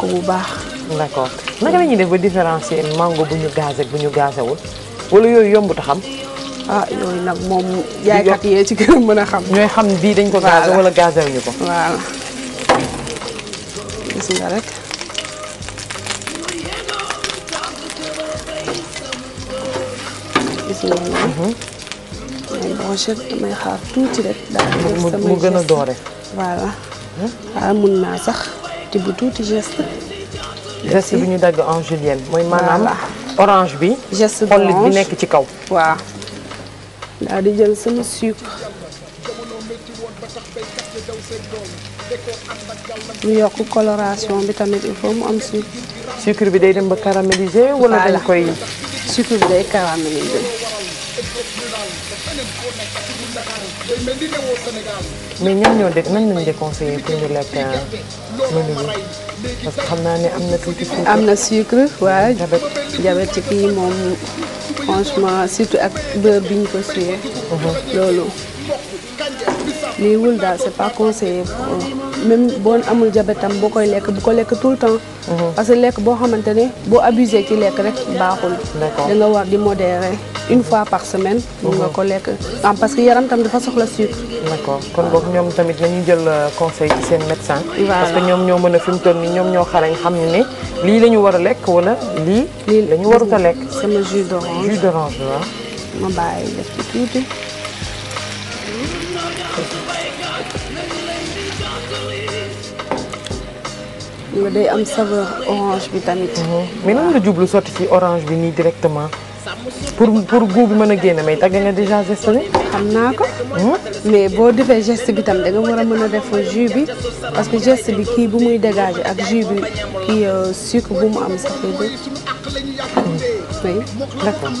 ko bu baax. d' accord naka la ñuy def ba différencier mango bu ñu gazé bu ñu gazéwul wala yooyu yomb ta xam. ah yooyu nag moom jaaykat yee ci kër mën a xam. ñooy xam bii dañ ko gazé wala gazé ko. waaw gis nga rek. gis nga loolu. mais mhm. brochette damay xaar tuuti rek. daal mu gën a doore. voilà. Hmm? Ah, mun naa sax. petit bu tuuti geste. geste bi ñu dagg en julienne. mooy maanaam orange bi. geste xollit bi nekk ci kaw. waaw daal di jël sama sucre. ñu yokk coloration bi tamit il faut mu am sucre. sucre bi day dem ba caramélisé. wala dañ koy. sucre bi day caramélisé. mais ñan ñoo de nan lañ déconseillé pour ñu lekk euh, mënu bi parce que xam naa ne am na tuuti sucre. am na sucre waaw. jabet jabet ci kii moom franchement surtout ak beurre bi ñu ko suyee. Mhm. loolu. lii wul daal c'est pas conseillé même boo amul jabetam boo koy lekk bu ko lekk tout le temps. Mhm. parce que lekk boo xamante ne boo abusé ci lekk rek baaxul. da nga war di modérer une fois par semaine. mun nga mhm. ko lekk ah parce que yaram tam dafa soxla sucre. d'accord kon boog ñoom tamit nañu jël euh, conseil seen médecin. parce que ñoom ñoo mën a fi mu toll nii ñoom ñoo xarañ xam ne lii la ñu war a lekk wala lii. lii la ñu warut a lekk. sama jus d'orange jus d'orange waaw. def ci tuuti. nga day am saveur orange bi tamit. Mhm. mais nan nga jublu sotti orange bi nii directement. pour pour goût bi mën a génne mais tàggat nga déjà geste bi. xam naa ko. Mhm. mais boo defee geste bi tam da nga war a mën a def jus bi parce que geste bi kii bu muy dégager ak jus bi kii euh, sucre bu mu am sax bi. Mhm. oui. d'accord.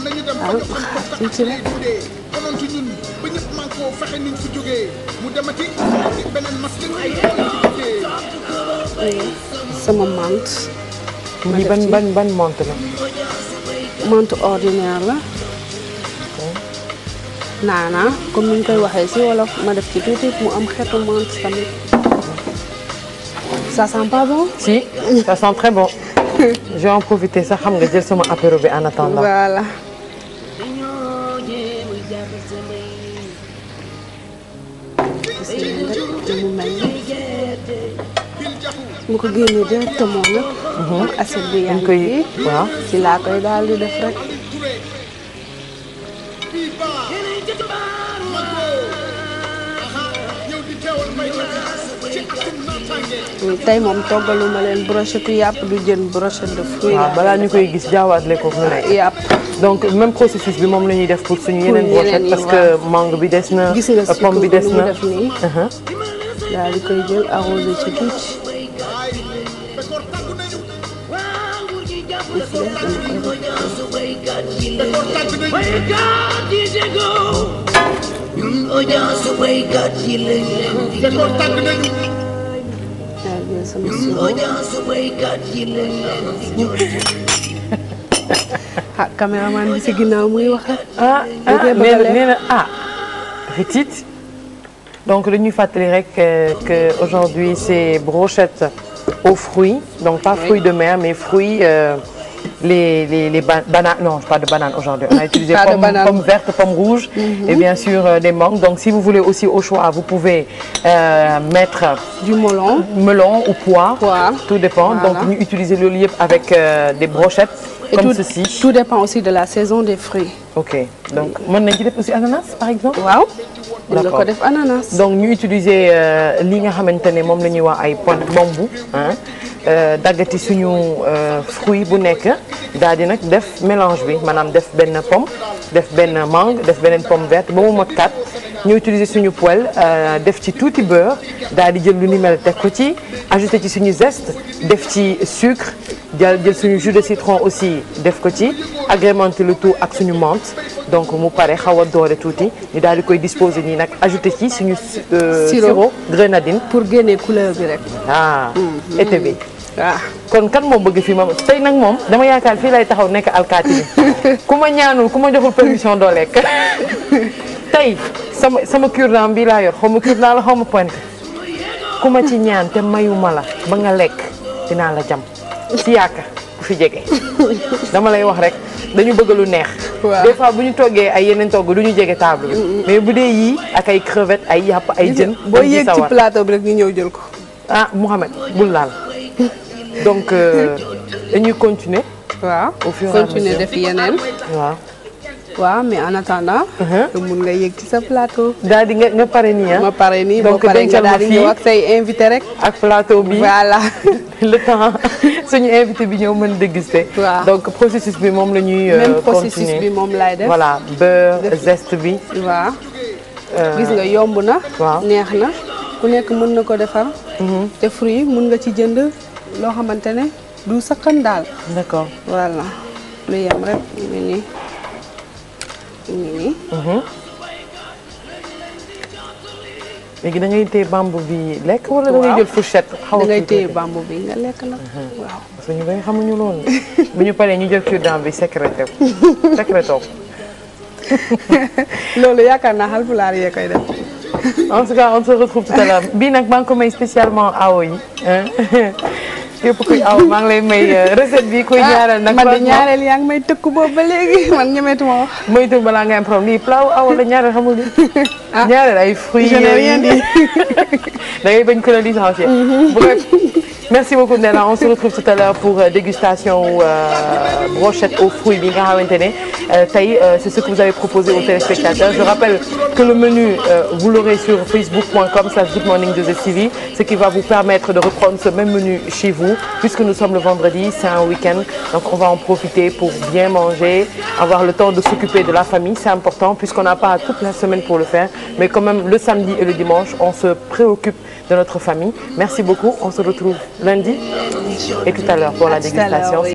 ah tuuti rek. fexe niñ si jógee mu demati ci beneen masque ay sama mante lii ban ban ban mante la mante ordinaire la naana comme ni ñu koy waxee si wolof ma def ci tuuti mu am xeetu mante tamit ça sent pas bon si ça sent très bon je vais en profiter sax xam nga jël sama apéro bi en attendant voilà ci seen rek mu mel ni mu ko génnee directement mhm. nag. bi yaa koy koy daal di def rek. Mm, tey moom toggalu leen brochette yàpp du jën brochette de fruits. waaw ah, balaa ñu koy gis jaawaat lekkoog lu ne yàpp. donc même processus bi moom la ñuy def pour suñu yeneen brochette parce que mangue bi des na pomme bi des na uh-huh. daal di koy jël arrosé ci tuuti daal di ah caméraman bi si ginnaaw muy wax ah ah Ritit ah, donc dañuy fàttali rek euh, que aujourd'hui c'est brochette aux fruits donc pas fruits de mer mais fruits. Euh, les les les bananes non pas de bananes aujourd'hui on a utilisé pomme pomme verte pomme rouge mm -hmm. et bien sûr euh, des mangues donc si vous voulez aussi au choix vous pouvez euh, mettre du melon melon ou poire tout dépend donc ñu utiliser loolu yëpp avec euh, des brochettes et tout, dépend aussi de la saison des fruits ok donc mën nañ ci def aussi ananas par exemple waaw mën donc ñu utiliser euh, li nga xamante ne moom la ñuy wax ay pointe bambou Euh, daggati suñu euh, fruit bu nekk daal di nag def mélange bi maanaam def benn pomme def benn mangue def beneen pomme verte ba mu mot kat ñu utiliser suñu poêle euh, def ci tuuti beurre daal di jël lu ni mel teg ko ci ajouté ci suñu zeste def ci sucre. jël jël suñu jus de citron aussi def ko ci agrémenté le tout ak suñu menthe donc mu pare xaw a doore tuuti ñu daal di koy disposer nii nag ajouté ci suñu. Euh, sirop grenadine. pour génne couleur bi rek. ah hmm, hmm. été bi. Ah. kon kan moo bëgg fii ma tey nag moom dama yaakaar fii lay taxaw nekk alkaati ku ma ñaanul ku ma joxul permission doo lekk sama sama cure bii laa yor xaw ma cure-dent la xaw ma pointe ku ma ci ñaan te mayuma la ba nga lekk dinaa la jam ci yaaka bu fi jege dama lay wax rek dañu bëgg lu neex. waaw des bu ñu toggee ay yeneen togg du ñu jege table bi. mais bu dee yii ak ay crevettes ay yàpp ay jën. boo yéeg ci plateau bi rek ñu ñëw jël ko. ah Mouhamed bul laal donc euh, dañuy continuer. waaw au fur et à mesure continuer def yeneen waaw. waaw mais en attendant. Uh-huh. mun nga yëg ci sa plateau. daal di nga nga pare nii ah. ma pare daal di ñëw ak say invité rek. ak plateau bi voilà. le temps suñu invité bi ñëw mën déguster. waaw donc processus bi moom la ñuy. Euh, continuer même bi moom laay def. voilà beurre bi. waaw. Euh, gis nga yomb na. waaw neex na. ku nekk mën na ko defar. Mm-hmm. te fruit mën nga ci jënd loo xamante ne du sakkan daal. d'accord voilà lu yem rek oui. Mhm. léegi da ngay téye bambu bi lekk. wala da ngay jël fourchette. xaw a da ngay bambu bi nga lekk nag. Mhm. waaw parce que ñu bëri xamuñu loolu. bu ñu paree ñu jël cure-dent bi secrétaire secrétaire. loolu yaakaar naa Haalpulaar yee koy def. en tout cas on se retrouve tout à l'heure bii nag maa ngi ko may spécialement awo képp kuy maa ngi lay may euh, recette bi kuy ñaareel nag. Ah, man de ñaareel yaa ngi may tëkk boobu ba léegi man ñemeetu ma wax. moytu balaa ngay am problème lii plat aw la ñaareel xamul li ah. ñaareel ay fruits. je n'ai rien dit da ngay bañ mhm. ko la merci beaucoup Ndella on se retrouve tout à l'heure pour euh, dégustation euh, brochette aux fruits bi nga xamante ne tey euh, c'est ce que vous avez proposé aux téléspectateurs je rappelle que le menu vous l'aurez sur facebook.com slash good morning 2STV ce qui va vous permettre de reprendre ce même menu chez vous puisque nous sommes le vendredi c'est un week-end donc on va en profiter pour bien manger avoir le temps de s'occuper de la famille c'est important puisqu'on n'a pas toute la semaine pour le faire mais quand même le samedi et le dimanche on se préoccupe de notre famille. Merci beaucoup. On se retrouve lundi et tout à l'heure pour la dégustation.